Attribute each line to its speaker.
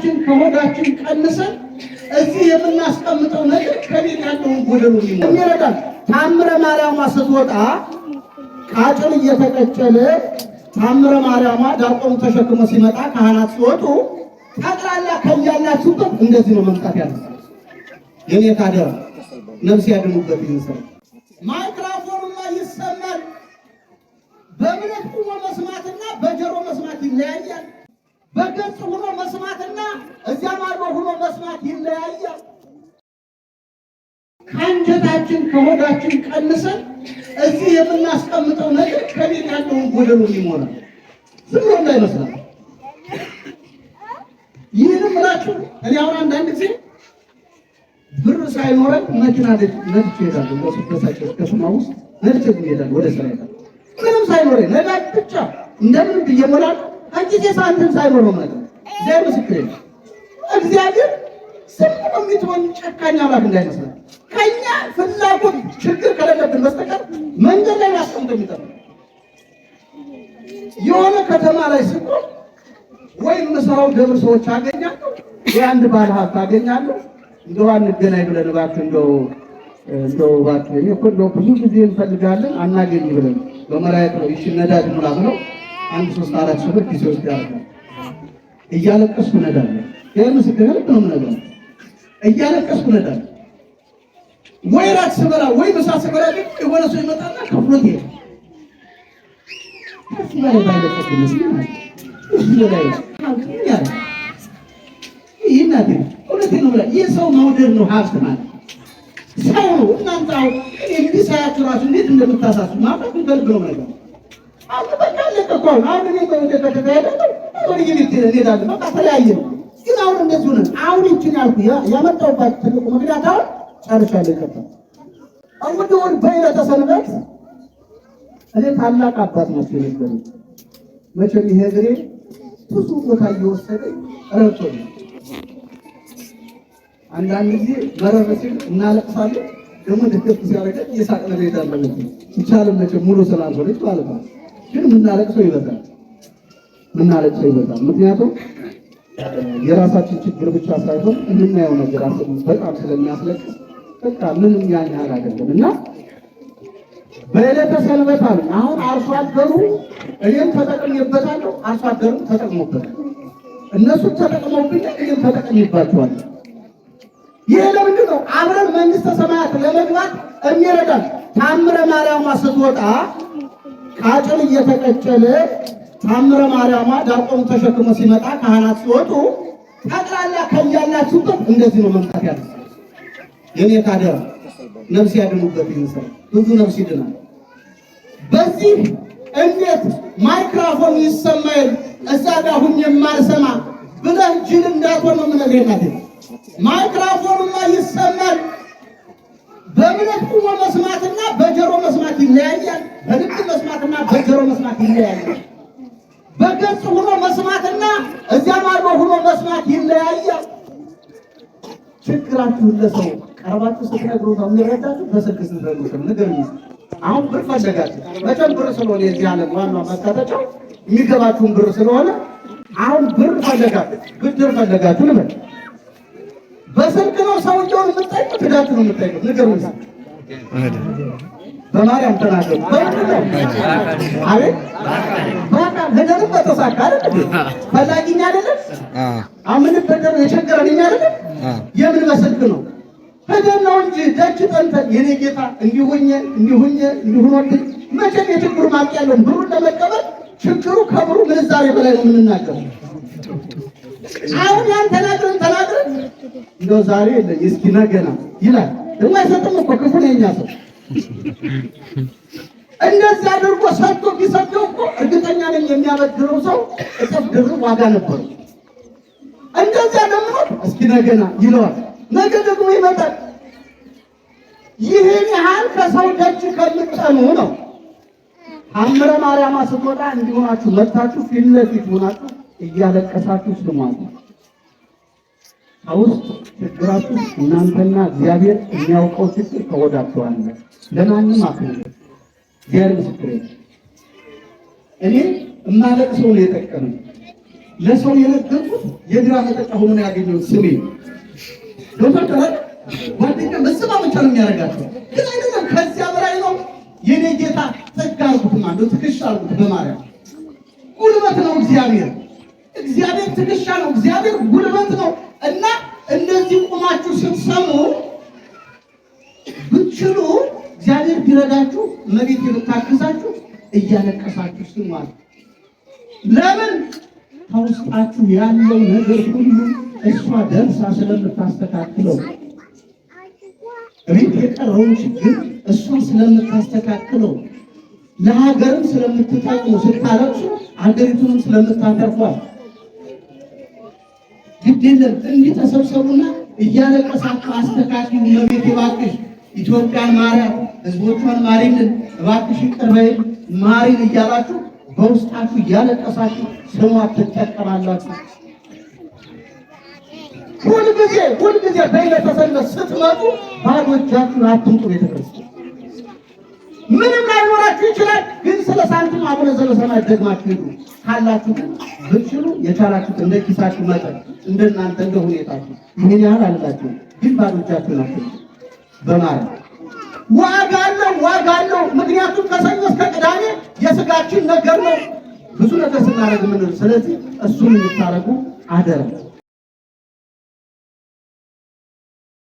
Speaker 1: ከእጃችን ከሆዳችን ቀንሰን እዚህ የምናስቀምጠው ነገር ከቤት ያለውን ጎደሉ የሚረዳል። ታምረ ማርያማ ስትወጣ ቃጭል እየተቀጨለ ታምረ ማርያማ ዳቆኑ ተሸክሞ ሲመጣ ካህናት ሲወጡ ጠቅላላ ከያላችሁበት እንደዚህ ነው መምጣት ያለ የኔ ታደራ ነፍስ ያድኑበት ይንሰው ማይክራፎኑማ ይሰማል። በእምነት ቁሞ መስማትና በጀሮ መስማት ይለያያል። በገጽ ሆኖ መስማትና እዚያ ማዶ ሆኖ መስማት ይለያያል። ከአንጀታችን ከሆዳችን ቀንሰን እዚህ የምናስቀምጠው ነገር ከቤት ያለውን ጎደሉን ይሞላል። ዝም ብሎ እንዳይመስላል። ይህንም እላችሁ እኔ አሁን አንዳንድ ጊዜ ብር ሳይኖረን መኪና ነድቼ እሄዳለሁ። በስበሳጭ ከተማ ውስጥ ነድቼ እሄዳለሁ ወደ ስራ ምንም ሳይኖረኝ ነዳጅ ብቻ እንደምን ብዬ እሞላለሁ። አንቺ ሳንትም ሳይኖረው ማለት እግዚአብሔር ምስክሬ ነው። እግዚአብሔር ስም የሚትሆን ጨካኝ አምላክ እንዳይመስላል። ከኛ ፍላጎት ችግር ከሌለብን በስተቀር መንገድ ላይ አስቀምጦ የሚጠ የሆነ ከተማ ላይ ስቆም ወይም ምሰራው ደብር ሰዎች አገኛለሁ፣ የአንድ ባለ ሀብት አገኛለሁ። እንደው አንገናኝ ብለን እባክህ እንደው እንደው እባክህ እኔ እኮ እንደው ብዙ ጊዜ እንፈልጋለን አናገኝ ብለን በመራየት ነው ይቺ ነዳጅ ሙላ አንድ ሶስት አራት ሰው ጊዜ ውስጥ ያደርጋል። እያለቀስኩ ነዳለሁ። ይህ ምስክር ነው። ነገር እያለቀስኩ ነዳለሁ። ወይ ራት ስበላ ወይ ምሳ ስበላ ግን የሆነ ሰው ይመጣና ከፍሎት ይሄ ይህ ሰው መውደድ ነው ሀብት ማለት ሰው ነው። እናንተ እንግዲህ ሳያችሁ ራሱ እንዴት እንደምታሳሱ ማለት ነው ነገር እኮ አሁን እኔ ከተካሄደ አሁን እንግዲህ አለ በቃ ተለያየ ግን አሁን እንደዚሁ ነን። አሁን ይችን ያልኩ ያመጣሁባት ትልቁ ምክንያት አሁን ጨርሻለሁ። ይከፋል እንግዲሁን በዕለተ ሰንበት እኔ ታላቅ አባት ናቸው የነበሩ መቼም ይሄ እግሬ ብዙ ቦታ እየወሰደ ረብቶ አንዳንድ ጊዜ መረር ሲል እናለቅሳለን። ደግሞ ደገፍ ሲያደረገ እየሳቅን እንሄዳለን። ይቻልም መቼም ሙሉ ስላልሆነች ማለት ነው ግን ምናለቅ ሰው ይበዛል፣ ምናለቅ ሰው ይበዛል። ምክንያቱም የራሳችን ችግር ብቻ ሳይሆን የምናየው ነገር አስ በጣም ስለሚያስለቅ በቃ ምንም ያን ያህል አይደለም እና በዕለተ ሰንበት አሉ። አሁን አርሶ አደሩ እኔም ተጠቅሜበታለሁ፣ አርሶ አደሩም ተጠቅሞበታል። እነሱም ተጠቅመውብኝ እኔም ተጠቅሜባቸዋል። ይሄ ለምንድን ነው? አብረን መንግስተ ሰማያት ለመግባት የሚረዳል ታምረ ማርያም ስትወጣ ከአጥር እየተቀጨለ ታምረ ማርያማ ዳቆኑ ተሸክሞ ሲመጣ ካህናት ሲወጡ ጠቅላላ ከያላችሁበት እንደዚህ ነው መምጣት ያለ የኔ ታደራ ነፍስ ያድኑበት ይህን ብዙ ነፍስ ይድናል። በዚህ እንዴት ማይክራፎን ይሰማል እዛ ጋር ሁኜ የማልሰማ ብለህ ጅል እንዳትሆን ነው የምነግርህ እናቴ። ማይክራፎንማ ይሰማል በእምነት ቁሞ መስማትና መስማት ይለያያል። በልብ መስማትና በጆሮ መስማት ይለያያል። በገጽ ሆኖ መስማትና እዚያ ባዶ ሆኖ መስማት ይለያያል። ችግራችሁን ለሰው ቀርባችሁ ስትነግሩ ነው የሚረዳችሁ። በስልክ ስትነግሩትም ንገር አሁን ብር ፈለጋችሁ መቼም ብር ስለሆነ የዚህ ዓለም ዋና መታጠጫው የሚገባችሁን ብር ስለሆነ አሁን ብር ፈለጋችሁ ብድር ፈለጋችሁ ልበል በስልክ ነው ሰውየውን የምትጠይቁት ትዳችሁ ነው የምትጠይቁት ንገሩኝ በማርያም ተናገሩ። አቤት በአካል ፈላጊ እኛ አምን በደር የቸገረን እኛ አይደለን? የምን መስልክ ነው? ሄደን ነው እንጂ ደጅ ጠንተን የኔ ጌታ እንዲሁኝ እንዲሁኝ እንዲሁኖልኝ መቼም የችግሩ ማብቂያ የለውም። ብሩን ለመቀበል ችግሩ ከብሩ ምንዛሬ በላይ ነው የምንናገረው። አሁን ያን ተናግረን ተናግረን እንደው ዛሬ የለ እስኪ ነገና ይላል። ደግሞ እኮ ክፉ ነው የኛ ሰው እንደዚህ አድርጎ ሰጥቶ ቢሰጠው እኮ እርግጠኛ ነኝ የሚያበድረው ሰው እጥፍ ድርብ ዋጋ ነበሩ እንደዚያ ደግሞ እስኪ ነገና ይለዋል፣ ነገ ደግሞ ይመጣል። ይህን ያህል ከሰው ደጅ ከምትጠኑ ነው። ሐምረ ማርያም ስትወጣ እንዲሆናችሁ መጥታችሁ ፊት ለፊት ሆናችሁ እያለቀሳችሁ ስሟት። ውስጥ ችግራችሁ እናንተና እግዚአብሔር የሚያውቀው ችግር ተወዳቸዋለ። ለማንም አፍ እግዚአብሔር ምስክሬ። እኔ እማለቅ ሰው ነው የጠቀመኝ። ለሰው የነገርኩት የግራ ተጠቃ ሆኖ ያገኘው ስሜ ዶክተር ጠረቅ ጓደኛ መሰማመቻ ነው የሚያደርጋቸው። ግን አይደለም ከዚያ በላይ ነው። የኔ ጌታ ጸጋ አርጉትማ እንደ ትክሻ አርጉት በማርያም ጉልበት ነው እግዚአብሔር። እግዚአብሔር ትክሻ ነው። እግዚአብሔር ጉልበት ነው። እና እንደዚህ ቁማችሁ ስትሰሙ ብትችሉ እግዚአብሔር ቢረዳችሁ መቤት ብታግዛችሁ እያለቀሳችሁ ስሙ ለምን ከውስጣችሁ ያለው ነገር ሁሉ እሷ ደርሳ ስለምታስተካክለው እቤት የቀረውን ችግር እሷ ስለምታስተካክለው ለሀገርም ስለምትጠቅሙ ስታለቅሱ ሀገሪቱንም ስለምታተርፏል ግዴለም ጥንድ ተሰብሰቡና እያለቀሳችሁ አስተካክሉ። እመቤቴ እባክሽ ኢትዮጵያን ማርያም፣ ህዝቦቿን ማሪልን፣ እባክሽ ቅርበይ ማሪን እያላችሁ በውስጣችሁ እያለቀሳችሁ ስሟ ትጠቀማላችሁ። ሁልጊዜ ሁልጊዜ በይነተሰነት ስትመጡ ባዶ እጃችሁን አትምጡ። ቤተክርስቲያን ምንም ላይኖራችሁ ይችላል፣ ግን ስለ ሳንቲም አቡነ ዘበሰማያት ደግማችሁ ሄዱ ካላችሁ ግን ብትችሉ የቻላችሁት እንደ ኪሳችሁ መጠን እንደናንተ እንደ ሁኔታችሁ ይህን ያህል አልላችሁ፣ ግን ባዶ እጃችሁ ናችሁ። ዋጋ አለው ዋጋ አለው። ምክንያቱም ከሰኞ እስከ ቅዳሜ የስጋችን ነገር ነው ብዙ ነገር ስናደርግ ምንል። ስለዚህ እሱን የምታደርጉ አደራ